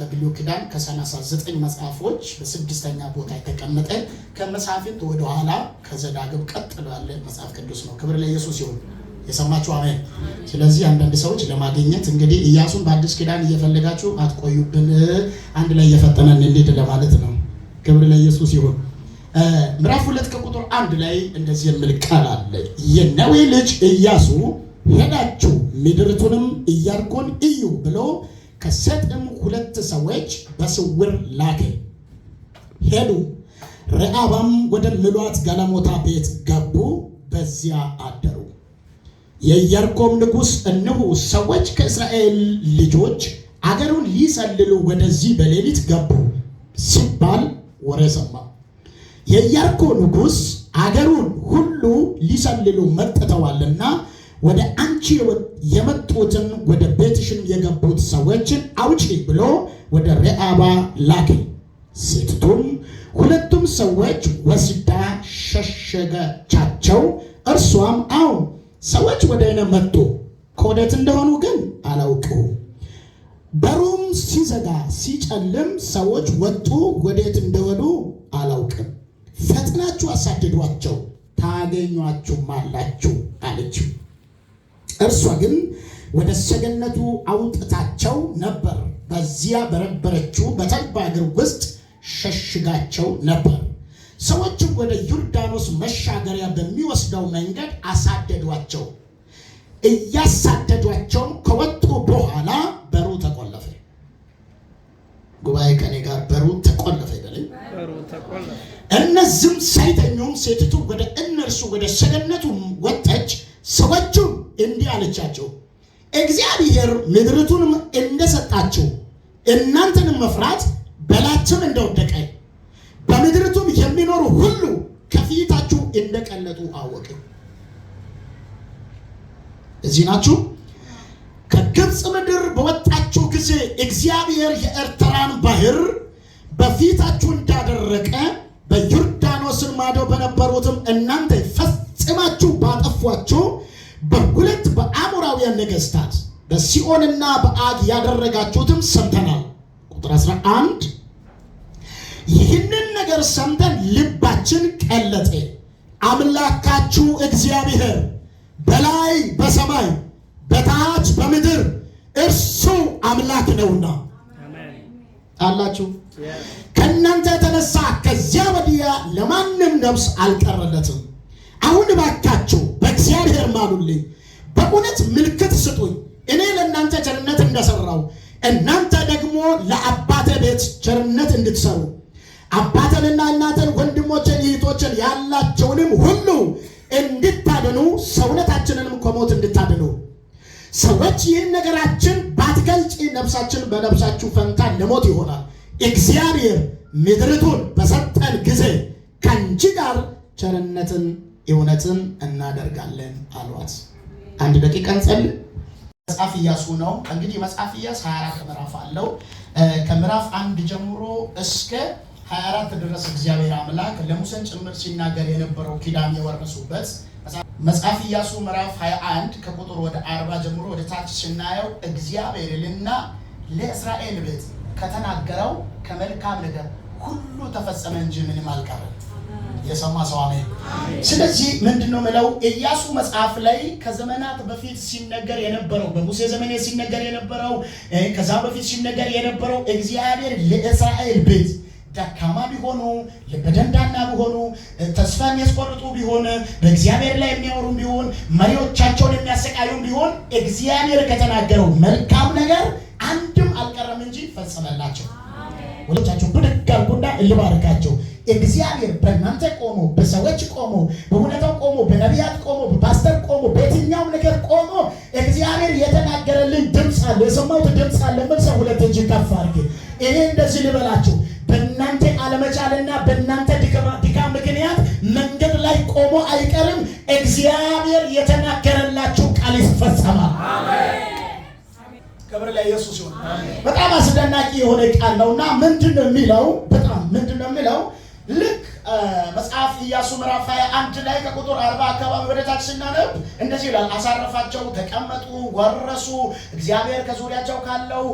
በብሉይ ኪዳን ከ39 መጽሐፎች በስድስተኛ ቦታ የተቀመጠ ከመሳፍንት ወደኋላ ከዘዳግም ቀጥሎ ያለ መጽሐፍ ቅዱስ ነው። ክብር ለኢየሱስ ይሁን። የሰማችሁ አሜን። ስለዚህ አንዳንድ ሰዎች ለማግኘት እንግዲህ እያሱን በአዲስ ኪዳን እየፈለጋችሁ አትቆዩብን፣ አንድ ላይ እየፈጠነን እንሂድ ለማለት ነው። ክብር ለኢየሱስ ይሁን። ምዕራፍ ሁለት ከቁጥር አንድ ላይ እንደዚህ የሚል ቃል አለ። የነዌ ልጅ እያሱ ሄዳችሁ ምድርቱንም እያርጎን እዩ ብሎ ከሰጥም ሁለት ሰዎች በስውር ላከ። ሄዱ፣ ረአባም ምሏት ጋለሞታ ቤት ገቡ፣ በዚያ አደሩ። የኢያሪኮም ንጉሥ እንሁ ሰዎች ከእስራኤል ልጆች አገሩን ሊሰልሉ ወደዚህ በሌሊት ገቡ ሲባል ወሬ ሰማ። የኢያሪኮ ንጉሥ አገሩን ሁሉ ሊሰልሉ መጥተዋልና ወደ አንቺ የመጡትን ወደ ቤትሽን የገቡት ሰዎችን አውጪ ብሎ ወደ ሬአባ ላከ። ሴቲቱም ሁለቱም ሰዎች ወስዳ ሸሸገቻቸው። እርሷም አው ሰዎች ወደ እኔ መጡ፣ ከወዴት እንደሆኑ ግን አላውቅም። በሩም ሲዘጋ ሲጨልም ሰዎች ወጡ፣ ወዴት እንደሆኑ አላውቅም። ፈጥናችሁ አሳድዷቸው ታገኟችሁም አላችሁ አለችው። እርሷ ግን ወደ ሰገነቱ አውጥታቸው ነበር፣ በዚያ በነበረችው በተልባ እግር ውስጥ ሸሽጋቸው ነበር። ሰዎችም ወደ ዮርዳኖስ መሻገሪያ በሚወስደው መንገድ አሳደዷቸው። እያሳደዷቸውም ከወጡ በኋላ በሩ ተቆለፈ። ጉባኤ ከኔ ጋር በሩ ተቆለፈ ይበለኝ። እነዚህም ሳይተኙም ሴቲቱ ወደ እነርሱ ወደ ሰገነቱ ወጣች። ሰዎች አለቻቸው። እግዚአብሔር ምድርቱንም እንደሰጣችሁ እናንተንም መፍራት በላችም እንደወደቀ በምድርቱም የሚኖሩ ሁሉ ከፊታችሁ እንደቀለጡ አወቅ። እዚህ ናችሁ። ከግብፅ ምድር በወጣችሁ ጊዜ እግዚአብሔር የኤርትራን ባህር በፊታችሁ እንዳደረቀ በዮርዳኖስን ማዶ በነበሩትም እናንተ ፈጽማችሁ ባጠፏችሁ በሁለት በአሞራውያን ነገስታት በሲኦንና በአግ ያደረጋችሁትም ሰምተናል። ቁጥር 11 ይህንን ነገር ሰምተን ልባችን ቀለጠ። አምላካችሁ እግዚአብሔር በላይ በሰማይ በታች በምድር እርሱ አምላክ ነውና አላችሁ። ከእናንተ የተነሳ ከዚያ ወዲያ ለማንም ነፍስ አልቀረለትም። አሁን እባካችሁ በእግዚአብሔር ማሉልኝ፣ በእውነት ምልክት ስጡኝ፣ እኔ ለእናንተ ቸርነት እንደሰራው እናንተ ደግሞ ለአባተ ቤት ቸርነት እንድትሰሩ አባተንና እናተን ወንድሞችን እህቶችን ያላቸውንም ሁሉ እንድታድኑ ሰውነታችንንም ከሞት እንድታድኑ ሰዎች ይህን ነገራችን ባትገልጭ ነፍሳችን በነፍሳችሁ ፈንታ ለሞት ይሆናል። እግዚአብሔር ምድርቱን በሰጠን ጊዜ ከአንቺ ጋር ቸርነትን እውነትን እናደርጋለን አሏት። አንድ ደቂቃ እንጸልይ። መጽሐፍ ኢያሱ ነው እንግዲህ መጽሐፍ ኢያሱ 24 ምዕራፍ አለው። ከምዕራፍ አንድ ጀምሮ እስከ 24 ድረስ እግዚአብሔር አምላክ ለሙሴን ጭምር ሲናገር የነበረው ኪዳን የወረሱበት መጽሐፍ ኢያሱ ምዕራፍ 21 ከቁጥር ወደ 40 ጀምሮ ወደ ታች ስናየው እግዚአብሔርና ለእስራኤል ቤት ከተናገረው ከመልካም ነገር ሁሉ ተፈጸመ እንጂ ምንም አልቀረም። የሰማ ሰው አሜን። ስለዚህ ምንድን ነው ምለው ኢያሱ መጽሐፍ ላይ ከዘመናት በፊት ሲነገር የነበረው በሙሴ ዘመን ሲነገር የነበረው ከዛ በፊት ሲነገር የነበረው እግዚአብሔር ለእስራኤል ቤት ደካማ ቢሆኑ በደንዳና ቢሆኑ ተስፋ የሚያስቆርጡ ቢሆን በእግዚአብሔር ላይ የሚያወሩም ቢሆን መሪዎቻቸውን የሚያሰቃዩም ቢሆን እግዚአብሔር ከተናገረው መልካም ነገር አንድም አልቀረም እንጂ ፈጸመላቸው። ወሎቻቸው ብድግ አልኩና እልባርካቸው እግዚአብሔር በእናንተ ቆሞ በሰዎች ቆሞ በሁኔታው ቆሞ በነቢያት ቆሞ በፓስተር ቆሞ በየትኛውም ነገር ቆሞ እግዚአብሔር የተናገረልኝ ድምፅ አለ፣ የሰማሁት ድምፅ አለ። ምን ሰው ሁለት እጅ ከፍ አድርጌ ይሄ እንደዚህ ልበላችሁ በእናንተ አለመቻልና በእናንተ ድካም ምክንያት መንገድ ላይ ቆሞ አይቀርም። እግዚአብሔር የተናገረላችሁ ቃል ይፈጸማል። ክብር ለኢየሱስ ይሁን። በጣም አስደናቂ የሆነ ቃል ነውና ምንድን ነው የሚለው? በጣም ምንድን ነው የሚለው? look መጽሐፍ ኢያሱ ምዕራፍ 21 ላይ ከቁጥር 40 አካባቢ ወደ ታች ስናነብ እንደዚህ ይላል። አሳረፋቸው፣ ተቀመጡ፣ ወረሱ። እግዚአብሔር ከዙሪያቸው ካለው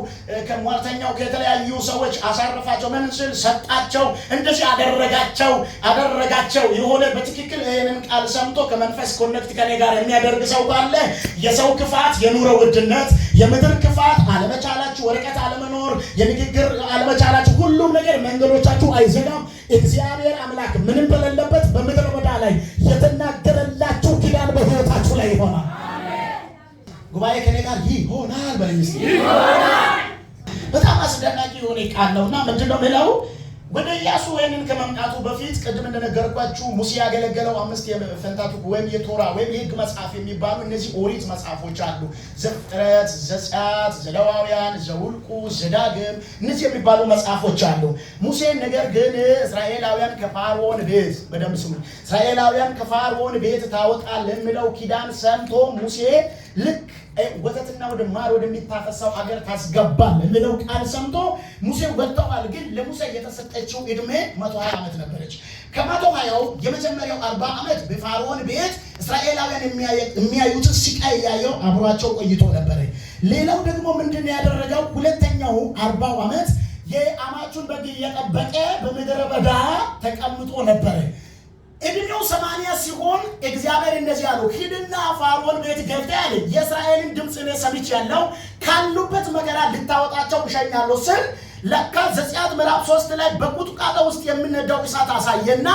ከሟርተኛው ከተለያዩ ሰዎች አሳረፋቸው። ምን ስል ሰጣቸው፣ እንደዚህ አደረጋቸው አደረጋቸው። የሆነ በትክክል ይህንን ቃል ሰምቶ ከመንፈስ ኮኔክት ከኔ ጋር የሚያደርግ ሰው ካለ የሰው ክፋት፣ የኑሮ ውድነት፣ የምድር ክፋት፣ አለመቻላችሁ፣ ወረቀት አለመኖር፣ የንግግር አለመቻላችሁ፣ ሁሉም ነገር መንገዶቻችሁ አይዘጋም። እግዚአብሔር አምላክ አምላክ ምንም በሌለበት በምድረ በዳ ላይ የተናገረላችሁ ኪዳን በሕይወታችሁ ላይ ይሆናል። ጉባኤ ከኔ ጋር ይሆናል። በጣም አስደናቂ የሆነ ቃል ነውና ምንድነው የሚለው ወደ ኢያሱ ወይንም ከመምጣቱ በፊት ቅድም እንደነገርኳችሁ ሙሴ ያገለገለው አምስት የፈንታቱ ወይም የቶራ ወይም የህግ መጽሐፍ የሚባሉ እነዚህ ኦሪት መጽሐፎች አሉ። ዘፍጥረት፣ ዘጸአት፣ ዘለዋውያን፣ ዘውልቁ፣ ዘዳግም እነዚህ የሚባሉ መጽሐፎች አሉ። ሙሴ ነገር ግን እስራኤላውያን ከፋርዖን ቤት በደንብ ስሙ፣ እስራኤላውያን ከፋርዖን ቤት ታወጣ ለሚለው ኪዳን ሰምቶ ሙሴ ልክ ወተትና ወደ ማር ወደሚታፈሳው አገር ታስገባል የሚለው ቃል ሰምቶ ሙሴ ወጥተዋል። ግን ለሙሴ የተሰጠችው እድሜ መቶ ሀያ ዓመት ነበረች። ከመቶ ሀያው የመጀመሪያው አርባ ዓመት በፋርዖን ቤት እስራኤላውያን የሚያዩት ስቃይ እያየው አብሯቸው ቆይቶ ነበረ። ሌላው ደግሞ ምንድን ያደረገው? ሁለተኛው አርባው ዓመት የአማቹን በግ እየጠበቀ በምድረ በዳ ተቀምጦ ነበረ። እድሜው ሰማንያ ሲሆን እግዚአብሔር እንደዚህ አለው፣ ሂድና ፋርዖን ቤት ገብተህ አለ የእስራኤልን ድምፅ እኔ ሰምቻለሁ፣ ካሉበት መከራ ልታወጣቸው እሸኛለሁ ስል ለካ ዘጸአት ምዕራፍ ሶስት ላይ በቁጥቋጦ ውስጥ የሚነዳው እሳት አሳየና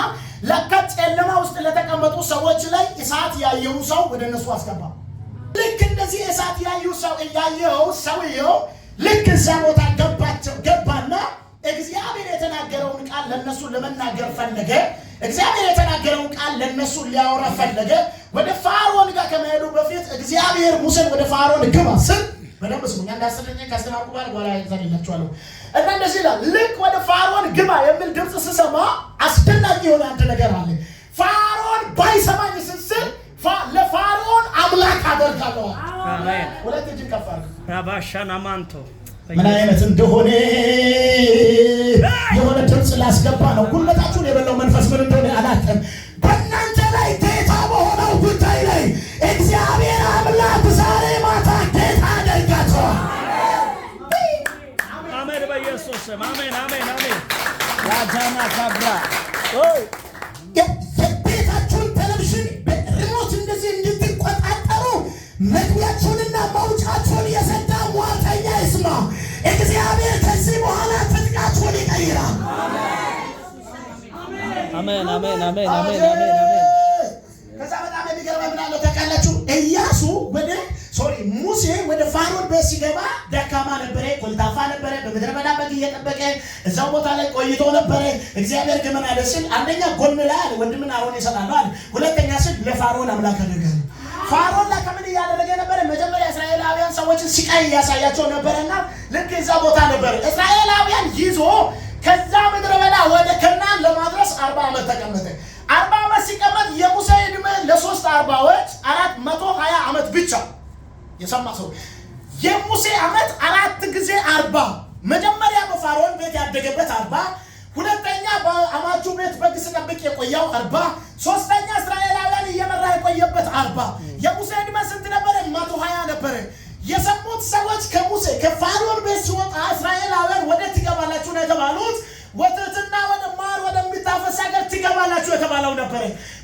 ለካ ጨለማ ውስጥ ለተቀመጡ ሰዎች ላይ እሳት ያየው ሰው ወደ እነሱ አስገባ። ልክ እንደዚህ እሳት ያየው ሰው ያየው ሰውየው ልክ እዛ ቦታ ገባቸው ገባና እግዚአብሔር የተናገረውን ቃል ለእነሱ ለመናገር ፈለገ። እግዚአብሔር የተናገረውን ቃል ለነሱ ሊያወራ ፈለገ። ወደ ፋርዖን ጋር ከመሄዱ በፊት እግዚአብሔር ሙሴን ወደ ፋርዖን ግባ ስል በደንብ ስሙ። አንድ አስር ደቂቃ ካስተማርኩ በኋላ በኋላ ይላችኋለሁ እና እንደዚህ ይላል። ልክ ወደ ፋርዖን ግባ የሚል ድምፅ ስሰማ አስደናቂ የሆነ አንድ ነገር አለ። ፋርዖን ባይሰማኝ ስስል ለፋርዖን አምላክ አደርጋለዋል። ሁለት እጅ ከፍ አድርግ ራባሻ ናማንቶ ምን አይነት እንደሆነ የሆነ ድምፅ ላስገባ ነው። ጉልበታችሁን የበላው መንፈስ ምን እንደሆነ አላውቅም። በእናንተ ላይ ጌታ በሆነው ጉዳይ ላይ እግዚአብሔር አምላክ ዛሬ ማታ ጌታ አደርጋቸዋል። አሜን፣ በኢየሱስ ቤታችሁን ቴሌቪዥን ሪሞት እንደዚህ እንድትቆጣጠሩ መግቢያችሁንና መውጫችሁን የሰ እግዚአብሔር ከዚህ በኋላ ትጥቃችሁን ይቀይራል። አሜን አሜን አሜን አሜን አሜን ከዛ በጣም የሚገርመው ምን አለ ታውቃላችሁ? ኢያሱ ወደ ሶሪ ሙሴ ወደ ፋሮን ቤት ሲገባ ደካማ ነበረ፣ ኮልታፋ ነበረ። በምድረ በዳ በግ እየጠበቀ እዛው ቦታ ላይ ቆይቶ ነበረ። እግዚአብሔር ግን አለ ስል አንደኛ ጎን ላይ አለ ወንድምን አሮን ይሰጣል አለ። ሁለተኛ ስል ለፋሮን አምላክ አደረገ። ፋሮን ላይ ከምን እያደረገ ነበረ መጀመሪያ የእስራኤላውያን ሰዎችን ስቃይ እያሳያቸው ነበረና ልክ የዛ ቦታ ነበረ እስራኤላውያን ይዞ ከዛ ምድረ በዳ ወደ ከናን ለማድረስ አርባ ዓመት ተቀመጠ። አርባ ዓመት ሲቀመጥ የሙሴ ዕድሜ ለሶስት አርባዎች አራት መቶ ሀያ ዓመት ብቻ የሰማ ሰው የሙሴ ዓመት አራት ጊዜ አርባ መጀመሪያ በፋርዖን ቤት ያደገበት አርባ ሁለተኛ በአማቹ ቤት በግ ስጠብቅ የቆየው አርባ ሶስተኛ እስራኤላውያን እየመራ የቆየበት አርባ የሙሴ ዕድሜ ስንት ነበረ? መቶ ሀያ ነበረ። የሰሙት ሰዎች ከሙሴ ከፋሮን ቤት ሲወጣ እስራኤላውያን ወደ ትገባላችሁ ነው የተባሉት ወተትና ወደ ማር ወደሚታፈስ ሀገር ትገባላችሁ የተባለው ነበረ።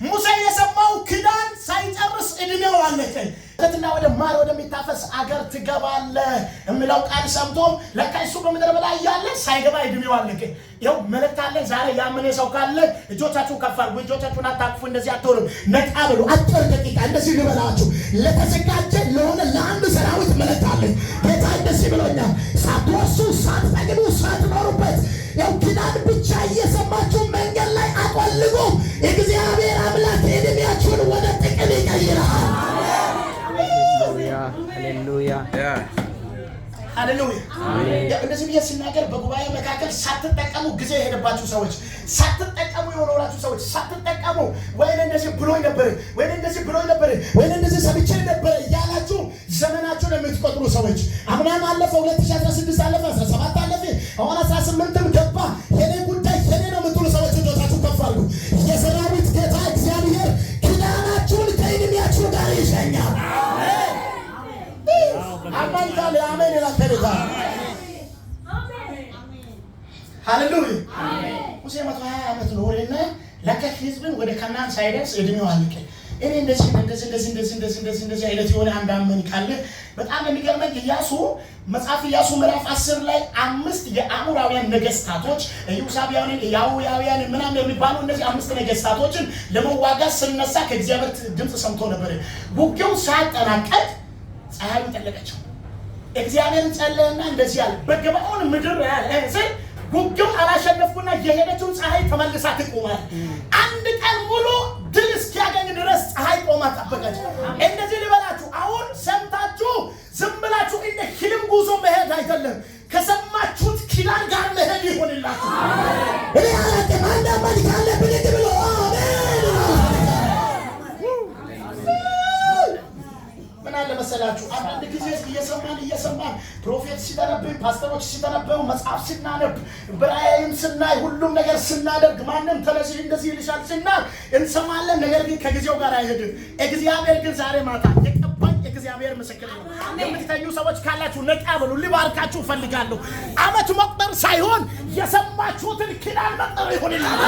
ሙሴ የሰማው ክዳን ሳይጨርስ እድሜው አለቀ። ወተትና ወደ ማር ወደሚታፈስ አገር ትገባለህ የሚለው ቃል ሰምቶም ለካ እሱ በምድረ በዳ እያለ ሳይገባ እድሜው አለቀ። ይኸው መልእክት አለ ዛሬ። ያመነ ሰው ካለ እጆቻችሁ ከፍ አድርጉ። እጆቻችሁን አታቅፉ። እንደዚህ አትሆንም። ነቃ በሉ። አጭር ደቂቃ እንደዚህ ልበላችሁ። ለተዘጋጀ ለሆነ ለአንድ ሰራዊት መልእክት አለ። ጌታ እንደዚህ ብሎኛል። ሳትወሱ ሳትጠግቡ ሳትኖሩበት እትናን ብቻ እየሰማችሁ መንገድ ላይ አቆልጎ እግዚአብሔር አምላክ እድሜያችሁን ወደ ጥቅም ይቀይራል። ሃሌሉያ ሃሌሉያ። ሃሌሉያ። እንደዚህ ብዬ ስናገር በጉባኤ መካከል ሳትጠቀሙ ጊዜ የሄደባችሁ ሰዎች፣ ሳትጠቀሙ የሆነውላችሁ ሰዎች፣ ሳትጠቀሙ ወይኔ እንደዚህ ብሎኝ ነበር፣ ወይኔ እንደዚህ ብሎኝ ነበር፣ ወይኔ እንደዚህ ሰምቼ ነበር እያላችሁ ዘመናችሁን የምትቆጥሩ ሰዎች አምናም አለፈ፣ 2016 አለፈ፣ 17 አለፈ፣ አሁን 18ም ገባ። የኔ ሳይደርስ እድሜው አለቀ። እኔ እንደዚህ እንደዚህ እንደዚህ እንደዚህ እንደዚህ እንደዚህ እንደዚህ አይነት የሆነ አንድ አመን ካለ በጣም የሚገርመኝ እያሱ መጽሐፍ እያሱ ምዕራፍ አስር ላይ አምስት የአሙራውያን ነገስታቶች ኢዮሳቢያውያን፣ ያውያውያን ምናምን የሚባሉ እነዚህ አምስት ነገስታቶችን ለመዋጋት ስነሳ ከእግዚአብሔር ድምፅ ሰምቶ ነበር። ውጊያው ሳያጠናቀቅ ፀሐይ ጠለቀቸው። እግዚአብሔርን ጸለየና እንደዚህ አለ በገባኦን ምድር ያለ ውጊያውን አላሸነፍኩና የሄደችው ፀሐይ ተመልሳ ትቆማል። አንድ ቀን ሙሉ ድል እስኪያገኝ ድረስ ፀሐይ ቆማ ጠበቀች። እንደዚህ ልበላችሁ፣ አሁን ሰምታችሁ ዝም ብላችሁ እንደ ፊልም ጉዞ መሄድ አይደለም፣ ከሰማችሁት ኪዳን ጋር መሄድ ይሆንላችሁ። መሰላችሁ አንዳንድ ጊዜ እየሰማን እየሰማን ፕሮፌት ሲተነብይ፣ ፓስተሮች ሲተነበዩ፣ መጽሐፍ ስናነብ፣ ብራይም ስናይ፣ ሁሉም ነገር ስናደርግ ማንም ተለዚህ እንደዚህ ይልሻል ስናል እንሰማለን። ነገር ግን ከጊዜው ጋር አይሄድም። እግዚአብሔር ግን ዛሬ ማታ የቀባኝ እግዚአብሔር ምስክር ነው። የምትተኙ ሰዎች ካላችሁ ነቃ በሉ። ልባርካችሁ እፈልጋለሁ። አመት መቁጠር ሳይሆን የሰማችሁትን ኪዳን መቁጠር ይሁንላል።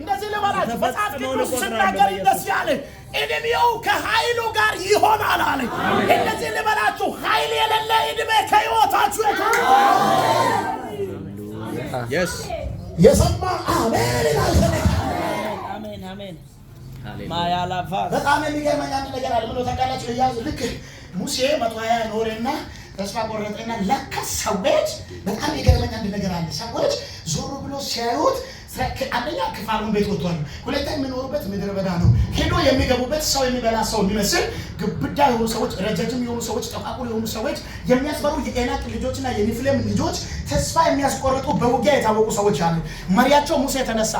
እንደዚህ ልበላችሁ መጽሐፍ ቅዱስ ስናገር እንደዚህ ያለ እድሜው ከኃይሉ ጋር ይሆናል አለ። እነዚህ ልበላችሁ ኃይል የሌለ እድሜ ከሕይወታችሁ የሰማ አሜን ይላል። በጣም የሚገርመኝ አንድ ነገር አለ። ምን ታውቃላችሁ? ያዙ ልክ ሙሴ መቶ ሀያ ኖረና ተስፋ ቆረጠና ለካ ሰዎች በጣም የገርመኝ አንድ ነገር አለ። ሰዎች ዞሩ ብሎ ሲያዩት አንደኛ ከፋሩን ቤት ወጥቷል። ሁለተኛ የሚኖሩበት ምድረ በዳ ነው። ሄዶ የሚገቡበት ሰው የሚበላ ሰው የሚመስል ግብዳ የሆኑ ሰዎች፣ ረጃጅም የሆኑ ሰዎች፣ ጠቋቁር የሆኑ ሰዎች፣ የሚያስፈሩ የዔናቅ ልጆችና የኒፍሌም ልጆች፣ ተስፋ የሚያስቆርጡ በውጊያ የታወቁ ሰዎች አሉ። መሪያቸው ሙሴ የተነሳ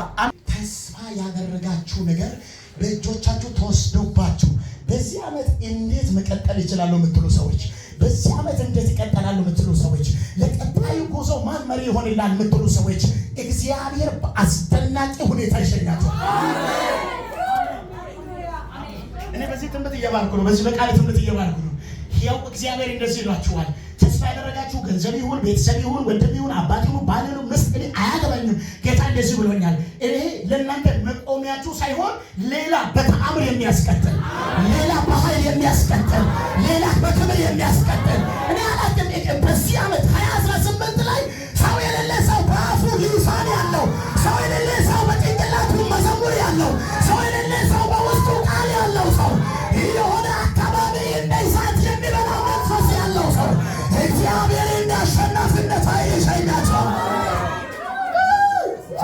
ተስፋ ያደረጋችሁ ነገር በእጆቻችሁ ተወስዶባችሁ በዚህ ዓመት እንዴት መቀጠል ይችላሉ የምትሉ ሰዎች በዚህ ዓመት እንዴት እቀጥላለሁ የምትሉ ሰዎች፣ ለቀጣዩ ጉዞ ማን መሪ ይሆንላል የምትሉ ሰዎች እግዚአብሔር በአስደናቂ ሁኔታ ይሸኛቸዋል። እኔ በዚህ ትምህርት እየባልኩ ነው። በዚህ በቃል ትምህርት እየባልኩ ነው። ያው እግዚአብሔር እንደዚህ ይሏችኋል ተስፋ ያደረጋችሁ ገንዘብ ይሁን ቤተሰብ ይሁን ወንድም ይሁን አባት ይሁን ባል ይሁን ምስት እኔ አያገባኝም። ጌታ እንደዚህ ብሎኛል። ይሄ ለእናንተ መቆሚያችሁ ሳይሆን ሌላ በተአምር የሚያስቀጥል ሌላ በኃይል የሚያስቀጥል ሌላ በክብር የሚያስቀጥል እኔ አላቅም በዚህ ዓመት ሀያ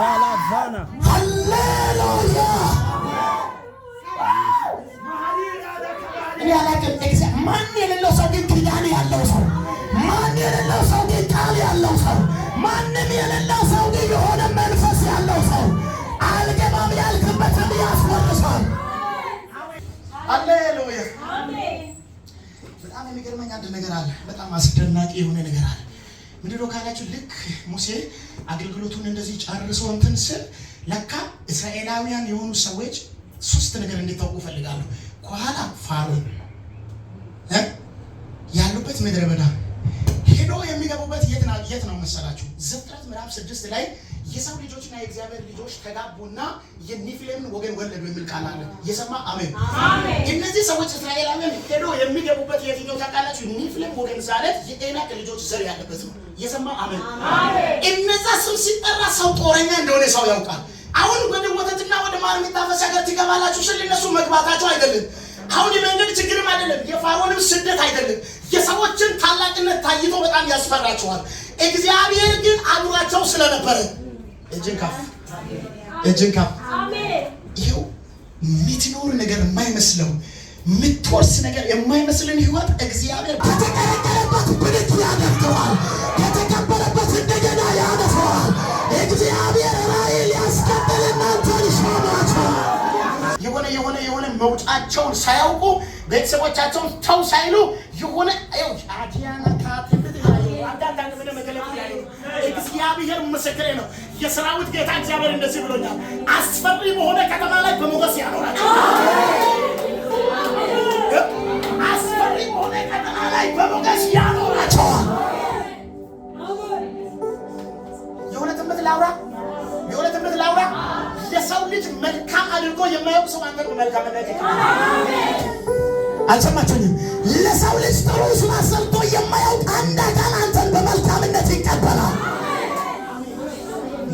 ካላቫና ሃሌሉያ እኔ ማን የሌለው ሰው ግን ኪዳን ያለው ሰው ማን የሌለው ሰው ግን ቃል ያለው ሰው ማንም የሌለው ሰው ግን የሆነ መንፈስ ያለው ሰው አልገባም ያልክበትን አሌሉያ። በጣም የሚገርመኝ አንድ ነገር አለ። በጣም አስደናቂ የሆነ ነገር አለ። ነው ካላችሁ ልክ ሙሴ አገልግሎቱን እንደዚህ ጨርሶ እንትን ስል ለካ እስራኤላውያን የሆኑ ሰዎች ሶስት ነገር እንዲታውቁ ፈልጋለሁ። ከኋላ ፋሮን ያሉበት ምድረ በዳ ሄዶ የሚገቡበት የት ነው መሰላችሁ? ዘፍጥረት ምዕራፍ ስድስት ላይ የሰው ልጆችና የእግዚአብሔር ልጆች ተጋቡና የኒፍሌምን ወገን ወለዱ የሚል ቃል አለ። የሰማ አሜን። እነዚህ ሰዎች እስራኤላውያን ሄዶ የሚገቡበት የትኛው ታውቃላችሁ? ኒፍሌም ወገን ማለት የኤናቅ ልጆች ዘር ያለበት ነው። የሰማ አሜን። እነዛ ስም ሲጠራ ሰው ጦረኛ እንደሆነ ሰው ያውቃል። አሁን ወደ ወተትና ወደ ማር የሚታፈስ ሀገር ትገባላችሁ ስል እነሱ መግባታቸው አይደለም። አሁን የመንገድ ችግርም አይደለም፣ የፋሮንም ስደት አይደለም። የሰዎችን ታላቅነት ታይቶ በጣም ያስፈራችኋል። እግዚአብሔር ግን አብሯቸው ስለነበረ እጅን ካፍ እጅን ካፍ ይኸው የምትኖር ነገር የማይመስለው የምትወርስ ነገር የማይመስልን ህይወት እግዚአብሔር ከተቀረቀረበት ብልት ያደርገዋል። ከተቀበረበት እንደገና ያነሰዋል። እግዚአብሔር ራእይ ሊያስቀጥል እናንተን ይሾማቸዋል። የሆነ የሆነ የሆነ መውጫቸውን ሳያውቁ ቤተሰቦቻቸውን ተው ሳይሉ የሆነ ው ቻዲያና ካትብት አንዳንድ አንድ መገለጥ ያለ እግዚአብሔር ምስክሬ ነው። የሰራዊት ጌታ እግዚአብሔር እንደዚህ ብሎኛል፣ አስፈሪ በሆነ ከተማ ላይ በሞገስ ያኖራቸው። አስፈሪ በሆነ ከተማ ላይ በሞገስ ያኖራቸዋል። የሆነ ትምህርት ላውራ፣ የሆነ ትምህርት ላውራ። የሰው ልጅ መልካም አድርጎ የማያውቅ ሰው አንተ መልካም ነ አልሰማችሁኝም? ለሰው ልጅ ጥሩ ስራ ሰርቶ የማያውቅ አንድ አካል አንተን በመልካምነት ይቀበላል።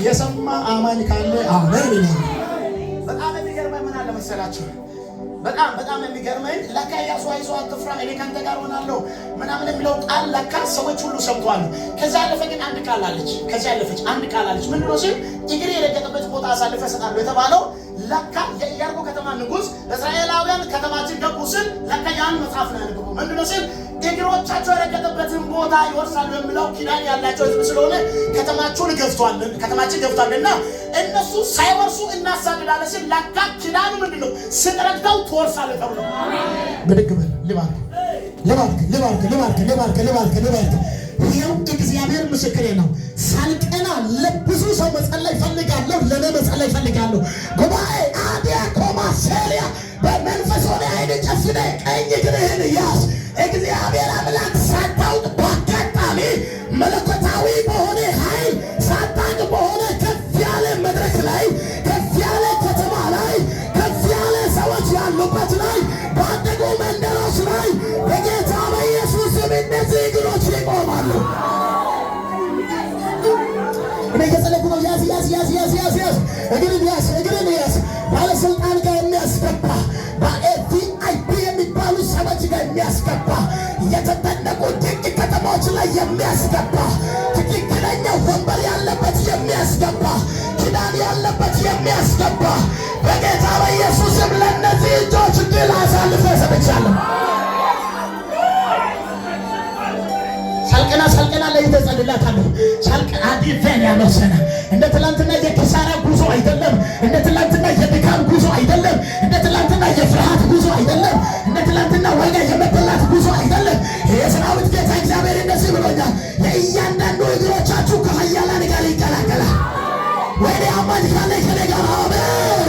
የሰማ አማኝ ካለ አሜን ይላል። በጣም የሚገርመኝ ምን አለ መሰላችሁ? በጣም በጣም የሚገርመኝ ለካ ኢያሱ አይዞህ አትፍራ፣ እኔ ካንተ ጋር ሆናለሁ ምናምን የሚለው ቃል ለካ ሰዎች ሁሉ ሰምቷል። ከዛ ያለፈ ግን አንድ ቃል አለች፣ ከዛ ያለፈች አንድ ቃል አለች። ምንድን ነው ሲል እግሬ የረገጠበት ቦታ አሳልፈህ እሰጣለሁ የተባለው ለካ የኢያሪኮ ንጉሥ እስራኤላውያን ከተማችን ገቡ ስል ለከያን መጽሐፍ ነው ያነገቡ ምንድነው መስል እግሮቻቸው የረገጠበትን ቦታ ይወርሳሉ የሚለው ኪዳን ያላቸው ህዝብ ስለሆነ ከተማችሁን ገብቷል ከተማችን ገብቷል እና እነሱ ሳይወርሱ እናሳድዳለ ስል ለካ ኪዳኑ ምንድነው ነው ስንረግጠው ትወርሳለ ተብሎ ብድግበል በል ልባርክ ልባርክ ልባርክ ልባርክ ልባርክ ልባርክ ልባርክ ይኸው እግዚአብሔር ምስክሬ ነው። ሳልቀና ለብዙ ሰው መጸለይ ፈልጋለሁ፣ ለእኔ መጸለይ ፈልጋለሁ። i am a be አሁን ጥግ ከተማዎች ላይ የሚያስገባ ትክክለኛው ወንበር ያለበት የሚያስገባ ኪዳን ያለበት የሚያስገባ በጌታ በኢየሱስም ለእነዚህ እጆች ድል አሳልፈ ሰጥቻለሁ። ሳልቀና ሳልቀና ላይ ተጸልላታለሁ። ሳልቀና ዲፈን ያመሰነ እንደ ትላንትና የኪሳራ ጉዞ አይደለም። እንደ ትላንትና የድካም ጉዞ አይደለም። እንደ ትላንትና የፍርሃት ጉዞ አይደለም። እንደ ትላንትና ዋጋ የመበላት ጉዞ አይደለም። የሰራዊት ጌታ እግዚአብሔር እንደዚህ ብሎኛል፣ የእያንዳንዱ እግሮቻችሁ ከኃያላን ጋር ይቀላቀላል። ወደ አማጅ ካለ ከኔ አሜን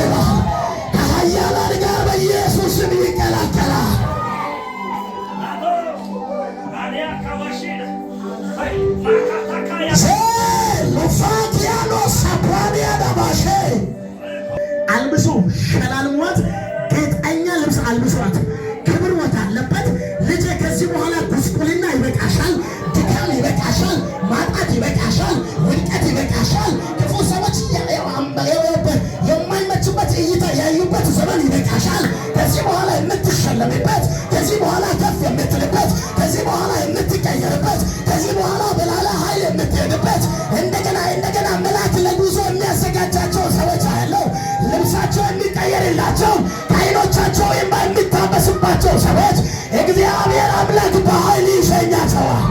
አልብሶ ሸላልሟት ጌጠኛ ልብስ አልብሷት ክብር ወት አለበት። ልጄ ከዚህ በኋላ ጉስቁልና ይበቃሻል፣ ድካም ይበቃሻል፣ ማጣት ይበቃሻል፣ ውድቀት ይበቃሻል፣ ክፉ ሰዎች የማይመችበት እይታ ያዩበት ዘመን ይበቃሻል። ከዚህ በኋላ የምትሸለምበት ያላቸው ሰዎች እግዚአብሔር አምላክ በኃይል ይሸኛቸዋል።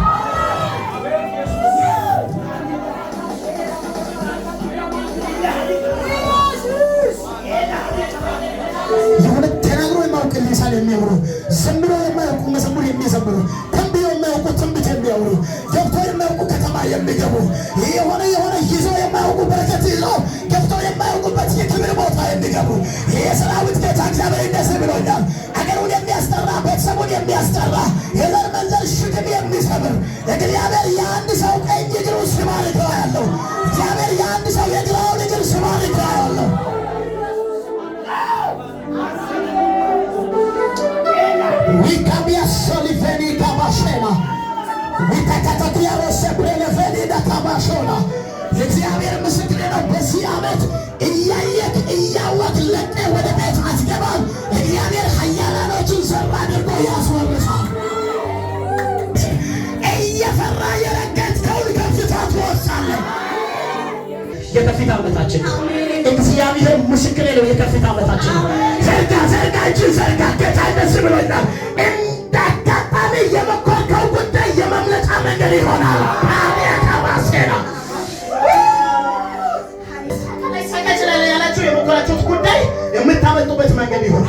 የሆነ ተናግሮ የማያውቅ ልሳን የማያውቁ መዝሙር የሚዘምሩ ትንቢት የማያውቁ ትንቢት የሚያወሩ ገብቶ የማያውቁ ከተማ የሚገቡ የሆነ የሆነ ይዞ የማያውቁ በረከት ይዞ ገብቶ የማያውቁበት የክብር ቦታ የሚገቡ የሰራዊት ጌታ እግዚአብሔር እግዚአብሔር የአንድ ሰው ቀኝ እግር ሽማር ያለው እግዚአብሔር የአንድ ሰው የግራውን እግር ሽማር ያለው ዊካቢያሶሊፌኒ ካባሼማ ዊተከተትያሮሴፕሬለፌኒ ደካባሾና የእግዚአብሔር ምስክር ነው። በዚህ ዓመት እያየት እያወቅ ለቀ ወደ ቤት አትገባም። እግዚአብሔር ኃያላኖችን ዘብ አድርጎ ያስወር የከፍታ ዓመታችን ነው። እግዚአብሔር ምስክሬ ነው። የከፍታ ዓመታችን ነው። ዘርጋ ዘርጋ እንጂ ዘርጋ ጌታ ይነስ ብሎኛል። እንዳጋጣሚ የመኮርከው ጉዳይ የመምለጫ መንገድ ይሆናል። ጉዳይ የምታመጡበት መንገድ ይሆናል።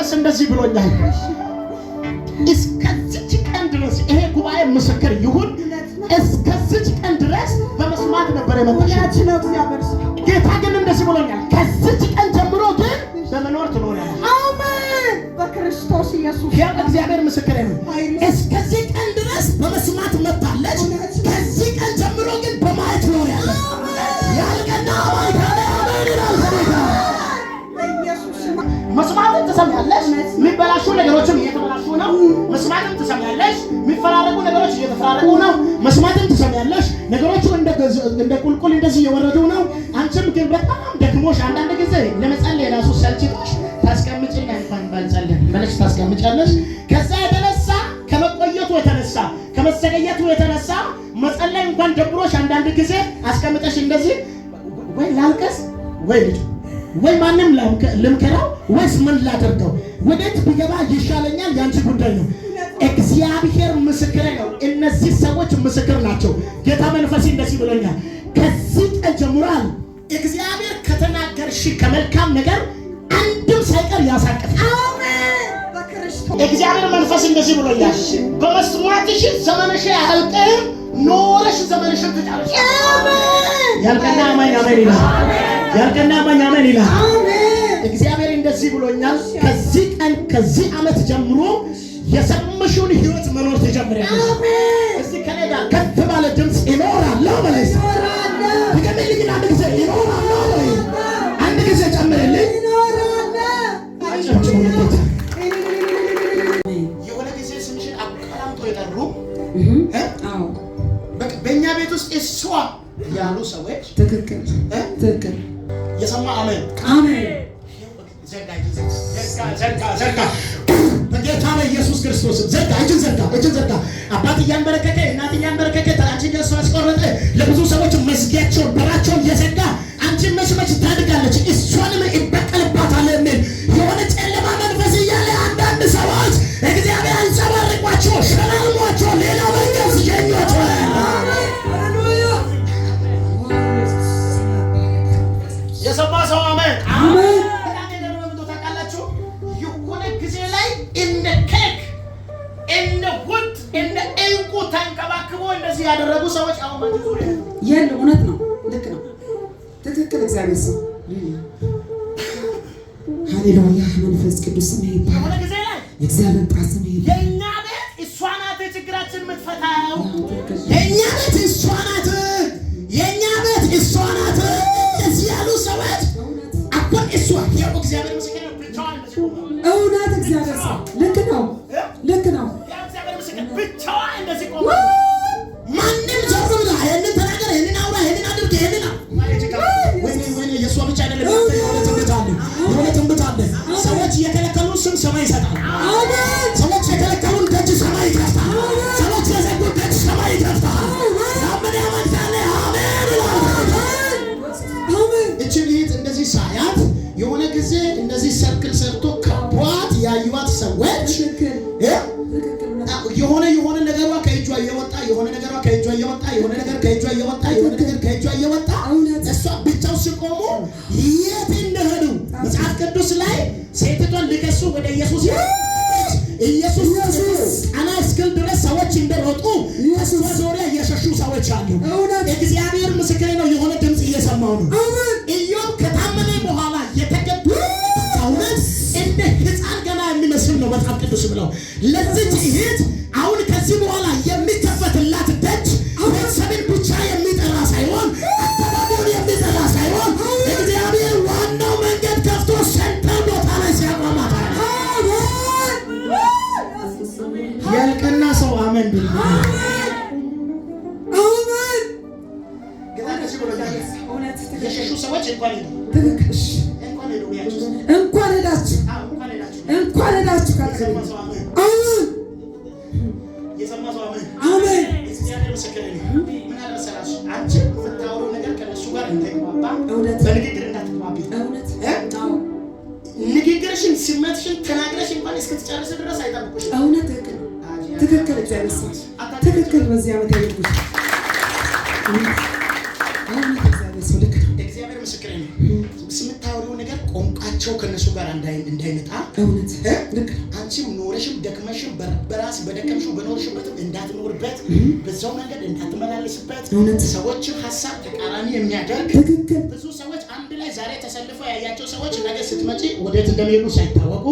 መንፈስ እንደዚህ ብሎኛል። እስከዚች ቀን ድረስ ይሄ ጉባኤ ምስክር ይሁን። እስከዚች ቀን ድረስ በመስማት ነበር የመጣሽው። ጌታ ግን እንደዚህ ብሎኛል፣ ከዚች ቀን ጀምሮ ግን በመኖር ትኖራለህ። አሜን። በክርስቶስ ኢየሱስ ያ እግዚአብሔር ምስክር ነው። እስከዚህ ቀን ትሰሚያለሽ። የሚበላሹ ነገሮችም እየተበላሹ ነው። መስማትም ትሰሚያለሽ። የሚፈራረቁ ነገሮች እየተፈራረቁ ነው። መስማትም ትሰሚያለሽ። ነገሮቹ እንደ ቁልቁል እንደዚህ እየወረዱ ነው። አንቺም ግን በጣም ደክሞሽ አንዳንድ ጊዜ ለመጸለይ የራሱ ሰልችቶሽ ታስቀምጭና እንኳን ባልጸለይ ብለሽ ታስቀምጫለሽ። ከዛ የተነሳ ከመቆየቱ የተነሳ ከመዘገየቱ የተነሳ መጸለይ እንኳን ደብሮሽ አንዳንድ ጊዜ አስቀምጠሽ እንደዚህ ወይ ላልቀስ ወይ ልጅ ወይ ማንም ልምከረው ወይስ ምን ላደርገው? ወዴት ቢገባ ይሻለኛል? ያንቺ ጉዳይ ነው። እግዚአብሔር ምስክሬ ነው። እነዚህ ሰዎች ምስክር ናቸው። ጌታ መንፈሴ እንደዚህ ብሎኛል። ከዚህ ቀን ጀምሯል እግዚአብሔር ከተናገርሽ ከመልካም ነገር አንድም ሳይቀር ያሳቅፍ። እግዚአብሔር መንፈስ እንደዚህ ብሎኛል። በመስማትሽ ዘመንሽ አያልቅም፣ ኖረሽ ዘመንሽን ትጨርሽ። ያልቀና አማኝ አሜን ይላል። ያርቅና ማኝ አመን ይላል። እግዚአብሔር እንደዚህ ብሎኛል። ከዚህ ቀን ከዚህ ዓመት ጀምሮ የሰምሽውን ህይወት መኖር ትጀምሪያለሽ። በእኛ ቤት ውስጥ እሷ ያሉ ሰዎች ትክክል ትክክል ተሰማ። አሜን አሜን። ዘጋ በጌታ ላይ ክርስቶስ ዘጋ። እጅን ዘጋ፣ እጅን ዘጋ። አባት እያንበረከከ እናት እያንበረከከ ጠላችን እያሱ አስቆረጠ። ለብዙ ሰዎች መዝጊያቸውን በራቸውን የዘጋ የለ እውነት ነው። ልክ ነው። ትክክል። እግዚአብሔር ሰው ሃሌሉያ። መንፈስ ቅዱስ ስም ይባላል። የእግዚአብሔር ጣት ስም ይባላል። የእኛ ቤት እሷ ናት ችግራችን የምትፈታው። የእኛ ቤት እሷ የሆነ የሆነ ሰዎች እንኳን ሄዳችሁ እንኳን ሄዳችሁ ንግግርሽን ተናግረሽ እንኳን እስክትጨርስ ድረስ አይጠብቁሽም። እውነት ትክክል። እግዚአብሔር ትክክል በዚህ ዓመት ያደርጉሽ ስልክ እግዚአብሔር ምስክሬ ነው። ስምታወሪው ነገር ቆንቃቸው ከነሱ ጋር እንዳይመጣ አንቺም ኖረሽም ደክመሽም በራስ በደከምሽው በኖርሽበትም እንዳትኖርበት በዛው መንገድ እንዳትመላለስበት እውነት ሀሳብ ተቃራኒ የሚያደርግ ትክክል ብዙ ሰዎች አንድ ላይ ዛሬ ተሰልፈው ያያቸው ሰዎች ነገ ስትመጪ ወዴት እንደሚሄዱ ሳይታወቁ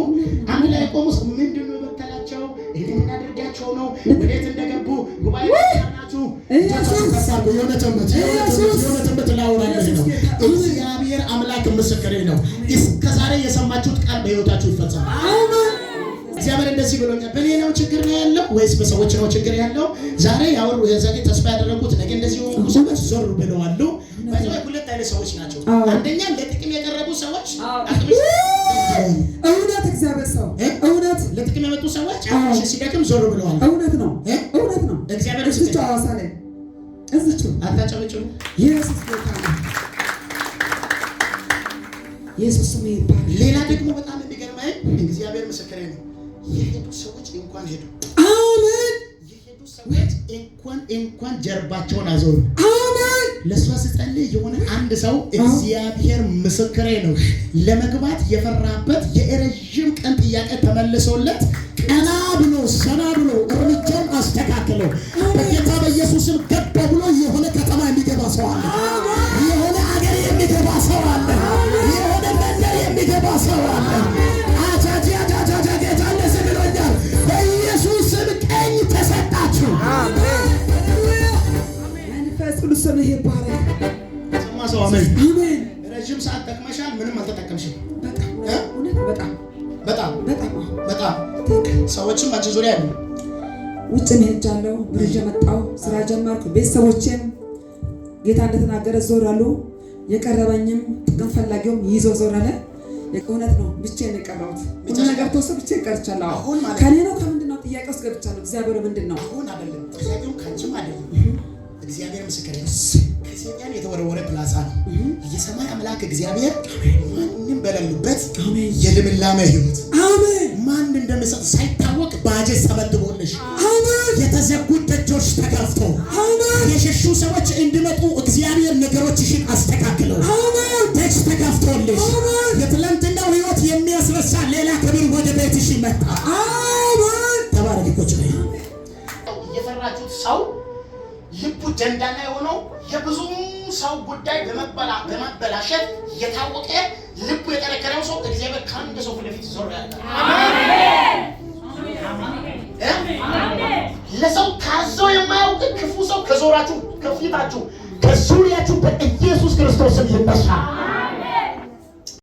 አንድ ላይ ቆሙ። ምንድን ነው የበተላቸው? እንዴት እናደርጋቸው ነው? ወዴት እንደገቡ ጉባኤ ሁላችሁ እግዚአብሔር አምላክ ምስክሬ ነው። እስከ የሰማችሁት ቃል በሕይወታችሁ ይፈጸማል። እግዚአብሔር እንደዚህ ብሎኛል። በእኔ ነው ችግር ነው ያለው ወይስ በሰዎች ነው ችግር ያለው? ዛሬ ያወሩ የዛሬ ተስፋ ያደረጉት ነገ እንደዚህ ሆኑ ሰዎች ዞር ብለዋሉ። ሁለት አይነት ሰዎች ናቸው። አንደኛ ለጥቅም የቀረቡ ሰዎች እውነት እግዚአብሔር ሰው እውነት ለጥቅም የመጡ ሰዎች ሲደክም ዞር ብለዋል። እውነት ነው እዚችው ሐዋሳ ላይ እዚችው አታጨበጭቡ። የኢየሱስ ቦታ ነው። ኢየሱስ ይባል። ሌላ ደግሞ በጣም የሚገርመኝ እግዚአብሔር ምስክሬ ነው። የሄዱ ሰዎች እንኳን ሄዱ። አሜን። የሄዱ ሰዎች እንኳን እንኳን ጀርባቸውን አዞሩ። አሜን። ለእሷ ስጸልይ የሆነ አንድ ሰው እግዚአብሔር ምስክሬ ነው ለመግባት የፈራበት የረዥም ቀን ጥያቄ ተመልሶለት ቀና ብሎ ሰና ብሎ እርምጃውን አስተካክለው በጌታ በኢየሱስም ገባ ብሎ የሆነ ከተማ የሚገባ ሰው አለ። የሆነ አገር የሚገባ ሰው አለ። የሆነ መንደር የሚገባ ሰው አለ። አጃጂ አጃጃጃ ጌታ እንደዚህ ብሎኛል። በኢየሱስም ቀኝ ተሰጣችሁ። መንፈስ ቅዱስም ይሄ ባሪያ ረዥም ሰዓት ጠቅመሻል፣ ምንም አልተጠቀምሽም። በጣም በጣም በጣም ሰዎችም አንቺ ዙሪያ ያሉ ውጭ ሄጃለሁ፣ ብር ይዤ መጣሁ፣ ስራ ጀመርኩ። ቤተሰቦቼም ጌታ እንደተናገረ ዞራሉ። የቀረበኝም ጥቅም ፈላጊውም ይዞ ዞራለ። እውነት ነው። ብቻ ነው የቀረሁት። ሁሉ ነገር ተወሰ፣ ብቻ ቀርቻለሁ። ከኔ ነው ከምንድን ነው ጥያቄ ውስጥ ገብቻለሁ። እግዚአብሔር ምንድን ነው አሁን አይደለም ጥያቄው ከአንቺም አይደለም። እግዚአብሔር ምስክሬ ከሰይጣን የተወረወረ ፕላሳ ነው። የሰማይ አምላክ እግዚአብሔር ማንም በሌሉበት የልምላመ ህይወት አሜን ማን እንደሚሰጥ ሳይታወቅ ባጀት ሰበትቦልሽ የተዘጉ ደጆች ተከፍተው የሸሹ ሰዎች እንዲመጡ እግዚአብሔር ነገሮችሽን አስተካክለው ደጅ ተከፍቶልሽ የትላንትናው ሕይወት የሚያስረሳ ሌላ ክብር ወደ ቤትሽ ይመጣ። ተባረኮች የፈራችሁት ሰው ልቡ ደንዳና የሆነው የብዙ ሰው ጉዳይ በመበላሸት የታወቀ ልቡ የጠነከረው ሰው እግዚአብሔር ከአንድ ሰው ፊት ለፊት ዞር ያለ ለሰው ታዞ የማያውቅ ክፉ ሰው ከዞራችሁ፣ ከፊታችሁ፣ ከዙሪያችሁ በኢየሱስ ክርስቶስም ይነሳ።